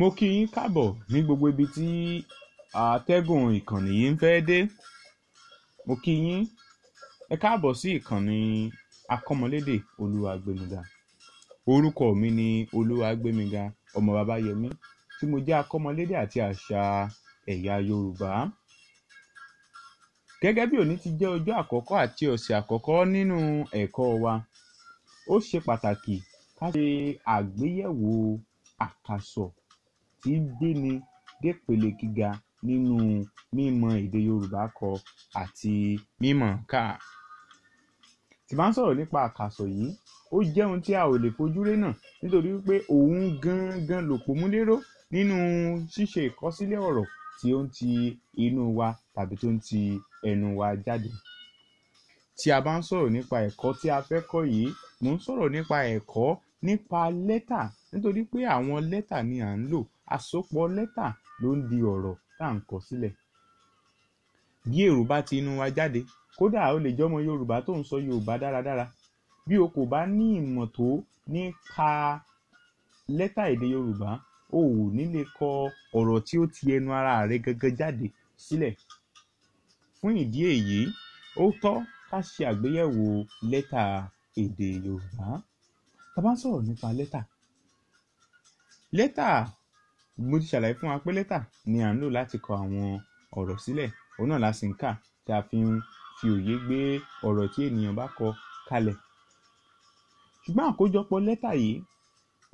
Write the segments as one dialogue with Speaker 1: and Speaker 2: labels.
Speaker 1: mo kí yín káàbọ̀ ní gbogbo ibi tí àtẹ́gùn ìkànnì yìí ń fẹ́ dé mo kí yín ẹ káàbọ̀ sí ìkànnì akọ́mọlédè olúwagbémiga orúkọ mi ni olúwagbémiga ọmọ babayẹmí tí mo jẹ́ akọ́mọlédè àti àṣà ẹ̀yà yorùbá gẹ́gẹ́ bí òní ti jẹ́ ọjọ́ àkọ́kọ́ àti ọ̀sẹ̀ àkọ́kọ́ nínú ẹ̀kọ́ wa ó ṣe pàtàkì ká ṣe àgbéyẹ̀wò àkàsọ̀ tí í gbéni dépele gíga nínú mímọ èdè Yorùbá kọ àti mímọ̀ ọ́n kà. Tí bá ń sọ̀rọ̀ nípa àkàsọ̀ yìí, ó jẹ́ ohun tí a ò lè fojú rénà nítorí wípé òun gangan lòpómúléró nínú ṣíṣe ìkọsílẹ̀ ọ̀rọ̀ tí ó ń ti inú wa tàbí tó ń ti ẹnu wa jáde. Tí a bá ń sọ̀rọ̀ nípa ẹ̀kọ́ tí a fẹ́ kọ́ yìí, mò ń sọ̀rọ̀ nípa ẹ̀kọ́ nípa lẹ́tà nítorí pé àwọn lẹ́tà ni à ń lò Àsopọ̀ lẹ́tà ló ń di ọ̀rọ̀ tá à ń kọ sílẹ̀. Bí èrò bá ti inú wa jáde, kódà o lè jọmọ Yorùbá tó ń sọ Yorùbá dáradára. Bí o kò bá ní ìmọ̀ tó nípa lẹ́tà èdè Yorùbá, o ò ní lè kọ ọ̀rọ̀ tí ó ti ẹnu ara rẹ gangan jáde sílẹ̀. Fún ìdí èyí, ó tọ́ ká ṣe àgbéyẹ̀wò lẹ́tà èdè Yorùbá. Tá bá ń sọ̀rọ̀ nípa lẹ́tà, lẹ́tà mo ti ṣàlàyé fún wa pé lẹ́tà ni à ń lò láti kọ àwọn ọ̀rọ̀ sílẹ̀ òun náà la sì ń kà tí a fi ń fi òye gbé ọ̀rọ̀ tí ènìyàn bá kọ kalẹ̀ ṣùgbọ́n àkójọpọ̀ lẹ́tà yìí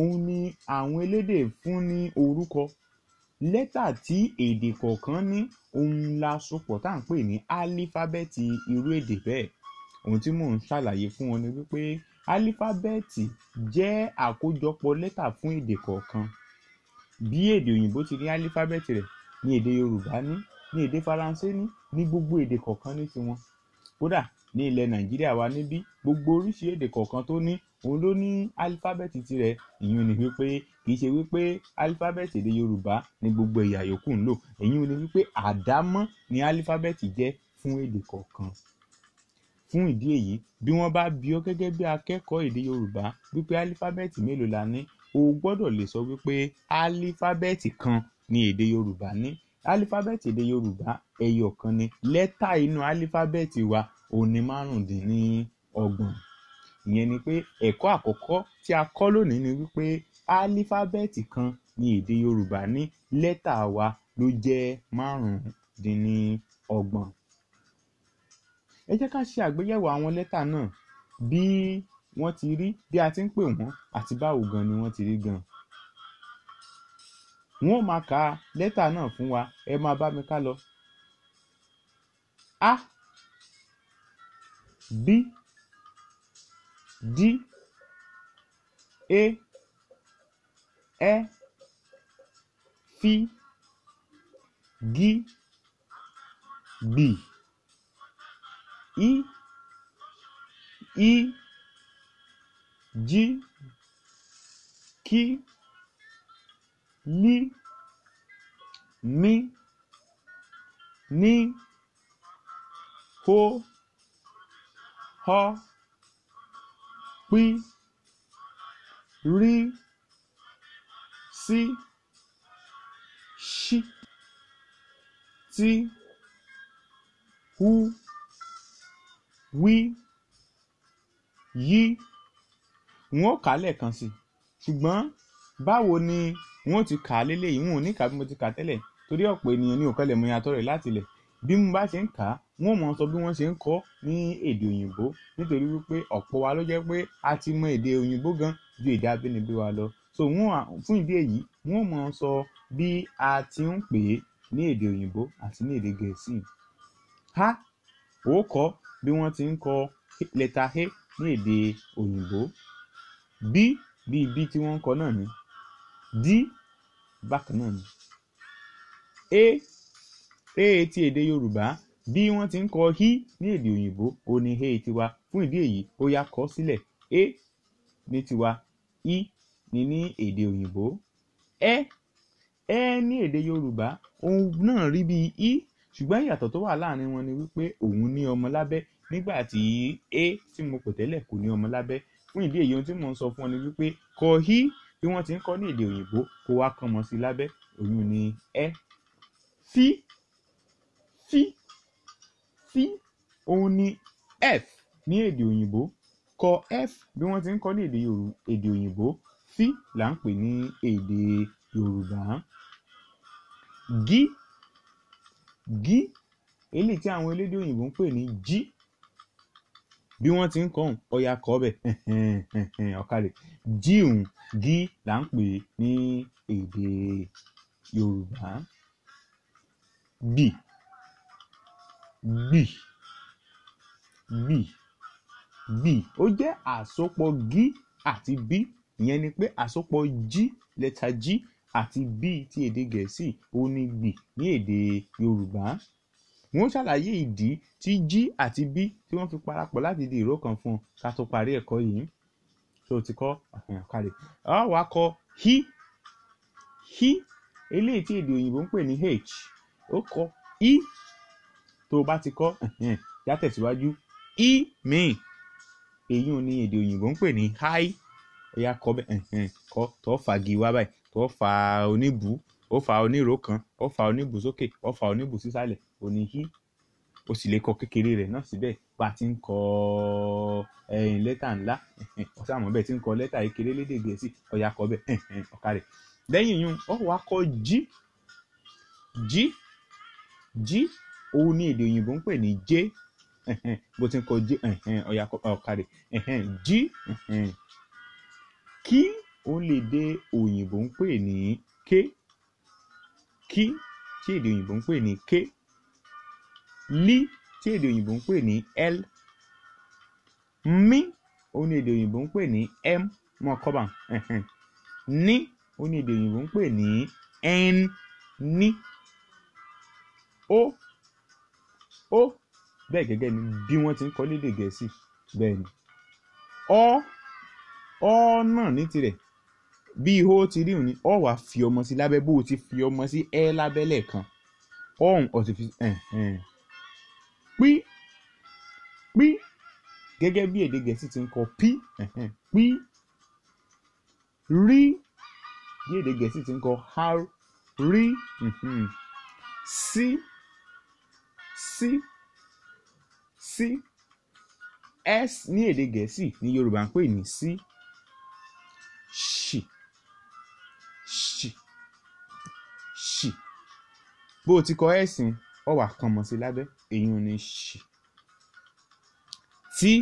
Speaker 1: òun ni àwọn elédè fún ní orúkọ lẹ́tà tí èdè kọ̀ọ̀kan ní òun la sopọ̀ tá à ń pè ní álífábẹ́ẹ̀tì irú èdè bẹ́ẹ̀ ohun tí mò ń ṣàlàyé fún wọn ni wípé álífábẹ́ẹ̀tì jẹ́ àkójọpọ̀ lẹ́tà fún èdè kọ̀ọ̀kan bí èdè òyìnbó ti ní álífábẹ́ẹ̀tì rẹ̀ ní èdè yorùbá ní ní èdè faransé ní ní gbogbo èdè kọ̀ọ̀kan ní tiwọn kódà ní ilẹ̀ nàìjíríà wa níbí gbogbo oríṣi èdè kọ̀ọ̀kan tó ní òun ló ní álífábẹ́ẹ̀tì tirẹ̀ ìyún ni wípé kì í ṣe wípé álífábẹ́ẹ̀tì èdè yorùbá ni gbogbo ẹ̀yà yòókù ń lò ìyún ni wípé àdámọ́ ni álífábẹ́ẹ̀tì jẹ́ fún èdè kọ̀ọ̀kan fún ìdí èyí bí wọ́n bá bi ọ́ gẹ́gẹ́ bí akẹ́kọ̀ọ́ èdè yorùbá wípé álífábẹ́ẹ̀tì mélòó la ní o gbọ́dọ̀ lè sọ wípé álífábẹ́ẹ̀tì kan ní èdè Yorùbá ní álífábẹ́ẹ̀tì èdè Yorùbá ẹyọ kan ni lẹ́tà inú álífábẹ́ẹ̀tì wa òun ni márùndínlọ́gbọ̀n ìyẹn ni pé ẹ̀kọ́ àkọ́kọ́ tí a kọ́ lónìí ni wípé álífábẹ́ẹ̀tì kan ni èdè Yorùbá ní lẹ́tà wa ló jẹ́ márùndínlọ́gbọ̀n ẹ jẹ́ ká ṣe àgbéyẹ̀wò àwọn lẹ́tà náà bí wọ́n ti rí bí a ti ń pè wọ́n àti báwo gan ni wọ́n ti rí gan. wọ́n ó máa ka lẹ́tà náà fún wa ẹ máa bá mi ká lọ. a
Speaker 2: b d e ẹ e, fi gi gbi i i jí kí lí mí ní hó họ́ pí rí sí ṣí tí hú
Speaker 1: wí yí n ó kà á lẹ́ẹ̀kan sí i ṣùgbọ́n báwo ni n ó ti kà á léléyìí n ò ní kà á bí mo ti kà á tẹ́lẹ̀ torí ọ̀pọ̀ ènìyàn ní òkèlè mọ ìyàtọ̀ rẹ̀ láti ilẹ̀ bí mo bá ṣe ń kà á n ó mọ sọ bí wọ́n ṣe ń kọ ní èdè òyìnbó nítorí wípé ọ̀pọ̀ wa ló jẹ́ pé a ti mọ èdè òyìnbó gan ju èdè abínibí wa lọ so wọn fún ìdí èyí wọn mọ sọ bí a ti ń pè é ní èdè òyìnbó àti ní èdè gẹ̀ẹ́sì ha ó kọ bí wọ́n ti ń kọ lẹ́tà a ní èdè òyìnbó b bí b tí wọ́n ń kọ náà ni d bákan náà ni a a ti èdè yorùbá bí wọ́n ti ń kọ hi ní èdè òyìnbó o ní a tiwa fún ìdí èyí ó yá kọ sílẹ̀ a ní tiwa i ní ní èdè òyìnbó ẹ e, ẹ e ní èdè yorùbá òun náà rí bí i ṣùgbọ́n ìyàtọ̀ tó wà láàrin wọn ni wípé òun ní ọmọ lábẹ́ nígbà tí a tí mo pè tẹ́lẹ̀ kò ní ọmọ lábẹ́ fún ìdí èyí ohun tí mò ń sọ fún ọ ni wípé kọ hí bí wọ́n ti ń kọ ní èdè òyìnbó kó wá kàn mọ́ sí lábẹ́ òyìn ní ẹ sí sí sí òun ni f ní èdè òyìnbó kọ f bí wọ́n ti ń kọ ní èdè òyìnbó sí là ń pè ní èdè yorùbá gí gí eléyìí tí àwọn elédè òyìnbó ń pè ní g bí wọ́n ti ń kọ́ ọ̀hún ọ̀yà kọ́ ọ̀bẹ̀ ọ̀kàlẹ̀ jíùn gí là ń pè ní èdè Yorùbá
Speaker 2: gbì gbì gbì gbì ó jẹ́ àsopọ̀ gí àti bí
Speaker 1: ìyẹn ni pé àsopọ̀ jí lẹ́tà jí àti bí ti èdè Gẹ̀ẹ́sì ó ní gbì ní èdè Yorùbá wọ́n ṣàlàyé ìdí tí G àti B tí wọ́n fi parapọ̀ láti di ìró kan fún un ká tó parí ẹ̀kọ́ yìí tó ti kọ́ àfihàn kárẹ̀ a wá kọ he he eléyìí tí èdè òyìnbó ń pè ní h ó kọ i tó o bá ti kọ́ yá tẹ̀síwájú i míì èyí ò ní èdè òyìnbó ń pè ní hi ẹ̀yà kọ́ bẹ́ẹ̀ kọ́ tó fagi wá báyìí tó fa oníbù ó fa onírò kan ó fa oníbù sókè ó fa oníbù sísàlẹ̀ òní yí o sì lè kọ kékeré rẹ̀ náà síbẹ̀ bá a ti ń kọ ẹyin eh, lẹ́tà ńlá ọ̀sàmọ̀ bẹ́ẹ̀ ti ń kọ lẹ́tà kékeré lédè gẹ̀ẹ́sì ọ̀yà kọ bẹ́ẹ̀ ọ̀ka rẹ̀ lẹ́yìn yun ọ̀ wá kọ jí jí jí òun ní èdè òyìnbó ń pè ní j bó ti ń kọ j ọ̀yà ọ̀ka rẹ̀ jí kí òun lè dé òyìnbó ń pè ní k kí tí èdè òyìnbó ń pè ní k lí tí èdè òyìnbó ń pè ní l mí òun ni èdè òyìnbó ń pè ní m mọ kọ́bà ní òun ni èdè òyìnbó ń pè ní n ní O ó bẹ́ẹ̀ gẹ́gẹ́ ni bí wọ́n ti ń kọ́ lédè gẹ̀ẹ́sì bẹ́ẹ̀ ni ọ ọ náà ní tirẹ̀ bí ihò ti rí òní ọ wàá fi ọmọ sí lábẹ́ bó o ti fi ọmọ sí ẹ lábẹ́ lẹ́ẹ̀kan ọ̀hún ọ̀sìn fi ẹ̀hìn pín pín gẹ́gẹ́ bí èdè gẹ̀ẹ́sì ti ń kọ pí pín rí bí èdè gẹ̀ẹ́sì ti ń kọ r rí sí sí sí s ní èdè gẹ̀ẹ́sì ní yorùbá ń pè ní sí ṣì ṣì ṣì bó o ti kọ ẹ̀sìn ọ wà kan mọ̀ sí lábẹ́ èyí ò ní ṣe
Speaker 2: tí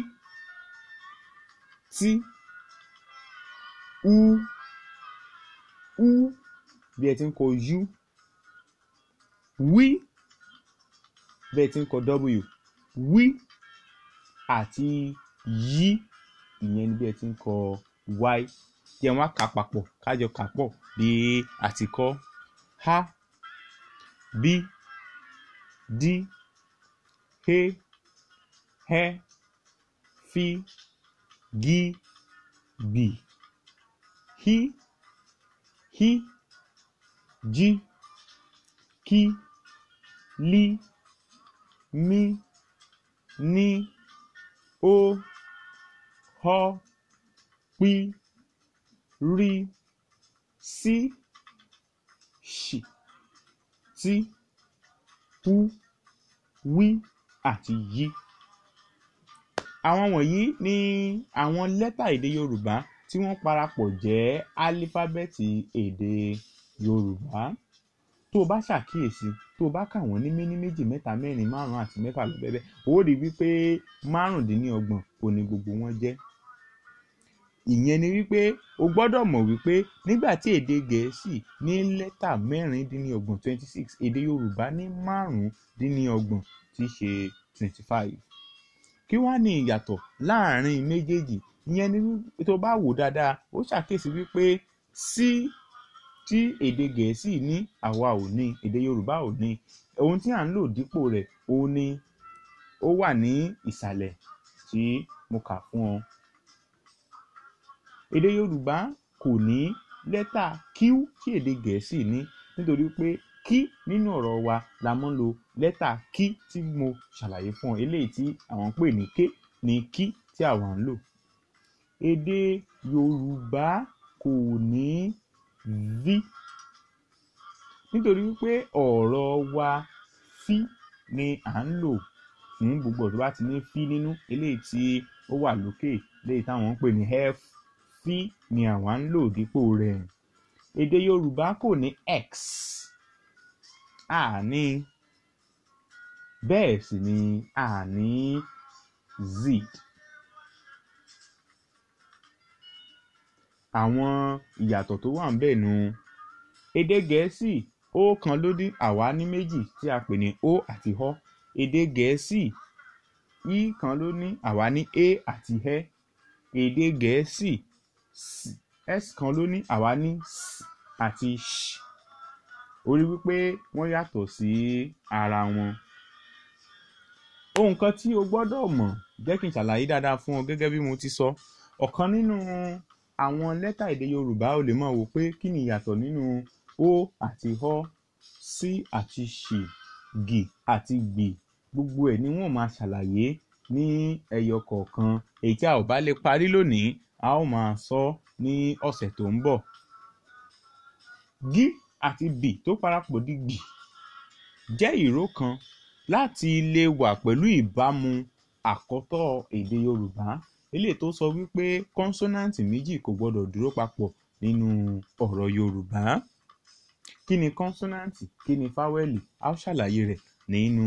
Speaker 2: tí u u bí ẹ ti ń kọ u wí
Speaker 1: bí ẹ ti ń kọ w wí àti yí ìyẹn ni bí ẹ ti ń kọ y jẹ́ wọn kà papọ̀ kájọ kà pọ̀ bí àtikọ́ a
Speaker 2: b. D he, hẹ́, fí, gí, gbì, hí, hí, jí, kí, lí, mí, ní, O họ́, pí, rí, sí, ṣì, tí, pu wí àti yí.
Speaker 1: Àwọn wọ̀nyí ni àwọn lẹ́tà èdè Yorùbá tí wọ́n parapọ̀ jẹ́ álífábẹ́ẹ̀tì èdè Yorùbá. Tó o bá ṣàkíyèsí, tó o bá kà wọ́n ní méní méjì mẹ́ta mẹ́rin márùn-ún àti mẹ́fà lọ bẹ́ẹ̀ bẹ́ẹ̀, o ó rí i wípé márùndínlọ́gbọ̀n òní gbogbo wọn jẹ́ ìyẹn ni wípé o gbọ́dọ̀ mọ̀ wípé nígbà tí èdè gẹ̀ẹ́sì ní lẹ́tà mẹ́rìndínlọ́gbọ̀n twenty six èdè yorùbá ní márùndínlọ́gbọ̀n tí í ṣe twenty five kí wá ní ìyàtọ̀ láàrin méjèèjì ìyẹn ni tó bá wò dáadáa ó ṣàkíyèsí wípé sí tí èdè gẹ̀ẹ́sì ní àwa ò ní èdè yorùbá ò ní ohun tí à ń lò dípò rẹ̀ ó ní ó wà ní ìsàlẹ̀ tí mo kà fún ọ èdè yorùbá kò ní lẹ́tà q tí èdè gẹ̀ẹ́sì ní nítorí pé q nínú ọ̀rọ̀ wa la mọ́ ń lo lẹ́tà q tí mo ṣàlàyé fún ọ eléyìí tí àwọn ń pè ní k ní q tí àwọn ń lò èdè yorùbá kò ní v nítorí wípé ọ̀rọ̀ wa fí ni à ń lò fún gbogbo ọ̀dọ́ bá ti ní fí nínú eléyìí tí ó wà lókè eléyìí táwọn ń pè ní f sí ni àwa ń lò dípò rẹ̀ èdè yorùbá kò ní x àní bẹ́ẹ̀ sì ni àní z àwọn ìyàtọ̀ tó wà ń bẹ̀ nu èdè gẹ̀ẹ́sì ó kan ló dín àwa ní méjì tí a pè ní o àti họ èdè gẹ̀ẹ́sì i kan ló ní àwa ní a àti ẹ èdè gẹ̀ẹ́sì s kan ló ní àwa ní s àti sh orí wípé wọ́n yàtọ̀ sí ara wọn. ohun kan tí o gbọ́dọ̀ mọ̀ jẹ́ kí n ṣàlàyé dáadáa fún ọ gẹ́gẹ́ bí mo ti sọ ọ̀kan nínú àwọn lẹ́tà èdè Yorùbá o lè mọ̀ wò pé kí ni ìyàtọ̀ nínú o àti họ sí àti ṣì gì àti gbì gbogbo ẹ̀ ni wọ́n máa ṣàlàyé ní ẹyọ kọ̀ọ̀kan èyí tí a ò bá lè parí lónìí a ó máa sọ ní ọ̀sẹ̀ tó ń bọ̀. gí àti bì tó parapọ̀ di gbì jẹ́ ìró kan láti lè wà pẹ̀lú ìbámu àkọ́tọ̀ èdè Yorùbá eléyìí tó sọ wípé kọ́nsọ́náǹtì méjì kò gbọdọ̀ dúró papọ̀ nínú ọ̀rọ̀ Yorùbá kí ni kọ́nsọ́náǹtì kí ni fáwẹ́lì a ó ṣàlàyé rẹ̀ nínú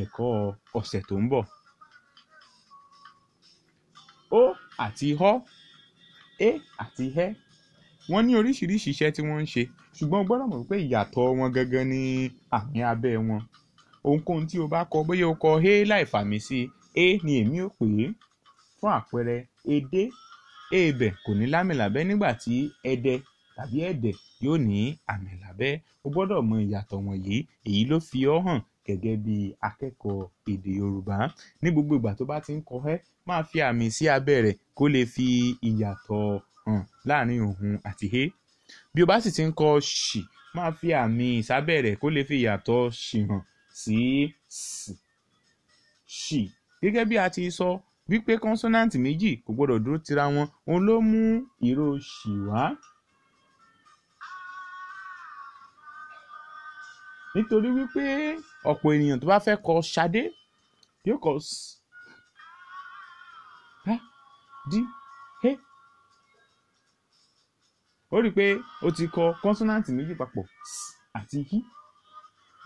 Speaker 1: ẹ̀kọ́ ọ̀sẹ̀ tó ń bọ̀ ó àti họ é àti ẹ wọ́n ní oríṣiríṣi iṣẹ́ tí wọ́n ń ṣe ṣùgbọ́n o gbọ́dọ̀ mọ̀ pé ìyàtọ̀ wọn gangan ni àmì abẹ́ wọn ohunkóhun tí o bá kọ bóyá o kọ é láì fàmì sí é ni èmi ò pè é fún àpẹẹrẹ edé èèbẹ̀ kò ní lámì lábẹ́ nígbà tí ẹdẹ tàbí ẹ̀dẹ̀ yóò ní àmì lábẹ́ o gbọ́dọ̀ mọ ìyàtọ̀ wọ̀nyí èyí ló fi ọ́ hàn gẹ́gẹ́ bí akẹ́kọ̀ọ́ èdè Yorùbá ní gbogbo ìgbà tó bá ti ń kọ ẹ́ máa fi àmì sí abẹ́ rẹ̀ kó lè fi ìyàtọ̀ hàn láàrin òun àti he bí o bá sì ti ń kọ ṣì máa fi àmì ìsábẹ́ rẹ̀ kó lè fi ìyàtọ̀ ṣì hàn sí sì ṣì gẹ́gẹ́ bí a ti sọ wípé kọ́nsọ́náǹtì méjì kò gbọdọ̀ dúró tira wọn òun ló mú ìró ṣì wá. nítorí wípé ọ̀pọ̀ ènìyàn tó bá fẹ́ kọ Ṣadé yóò kọ Ṣadé ó rí i pé ó ti kọ kọ́nsọ́náǹtì méjì papọ̀ àti hí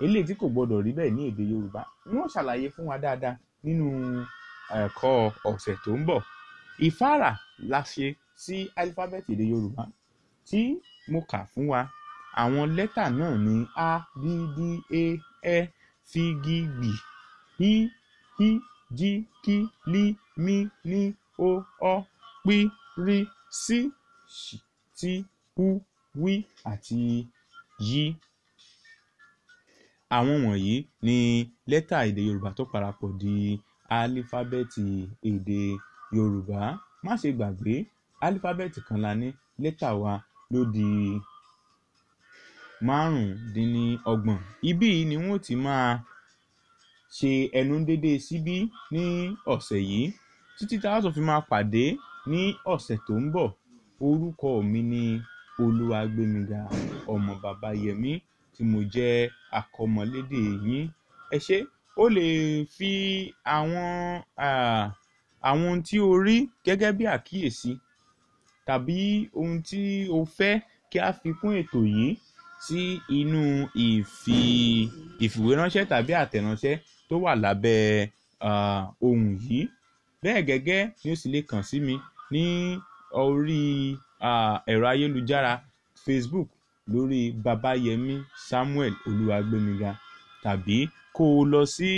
Speaker 1: eléyìí tí kò gbọdọ̀ rí bẹ́ẹ̀ ní èdè Yorùbá wọ́n ṣàlàyé fún wa dáadáa nínú ẹ̀kọ́ ọ̀sẹ̀ tó ń bọ̀ ìfáàrà la ṣe sí álífábẹ́ẹ̀tì èdè Yorùbá tí mo kà fún wa Àwọn lẹ́tà náà ni a, b, d,
Speaker 2: a, e, ẹ, e, f, g, b, h, i j, k, l, m, n, o, ọ, p, r, s, t, u, w àti y.
Speaker 1: Àwọn wọ̀nyí ni lẹ́tà èdè Yorùbá tó parapọ̀ di álífábẹ́ẹ̀tì èdè Yorùbá. Má ṣe gbàgbé, álífábẹ́ẹ̀tì kan la ní, lẹ́tà wa ló di márùndínlọ́gbọ̀n. Ibí ni wọ́n ti máa ṣe ẹnu dédé síbí ní ọ̀sẹ̀ yìí títí tá a tún fi máa pàdé ní ọ̀sẹ̀ tó ń bọ̀. Orúkọ mi ni Olúwagbémiga ọmọ Babayẹmí tí mo jẹ́ akọ́mọlédè yín. Ẹ ṣé, o lè fi àwọn àwọn ohun tí o rí gẹ́gẹ́ bí àkíyèsí tàbí ohun tí o fẹ́ kí a fi kún ètò yìí sí inú ìfi ìfìwéránṣẹ́ tàbí àtẹ̀ránṣẹ́ tó wà lábẹ́ ohùn yìí bẹ́ẹ̀ gẹ́gẹ́ ni ó sì lè kàn sí mi ní orí ẹ̀rọ ayélujára Facebook lórí babayemi samuel olúwagbémiga tàbí kó o lọ sí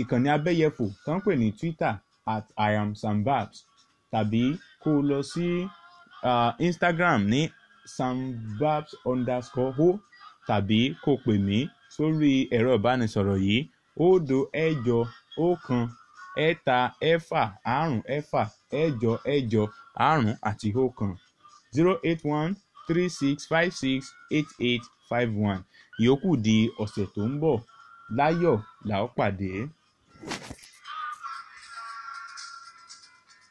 Speaker 1: ìkànnì abẹ́yẹfò tó ń pè ní Twitter at iamsambabs tàbí kó o lọ sí. Si, uh, Instagram ní sambabs underscore ho tàbí kò pè mí sórí ẹ̀rọ ìbánisọ̀rọ̀ yìí òdo ẹ̀jọ ọ̀kan ẹ̀ta ẹ̀fà àrùn ẹ̀fà ẹ̀jọ ẹ̀jọ àrùn àti ọ̀kan zero eight one three six five six eight eight five one ìyókù di ọ̀sẹ̀ tó ń bọ̀ láyọ̀ làó pàdé.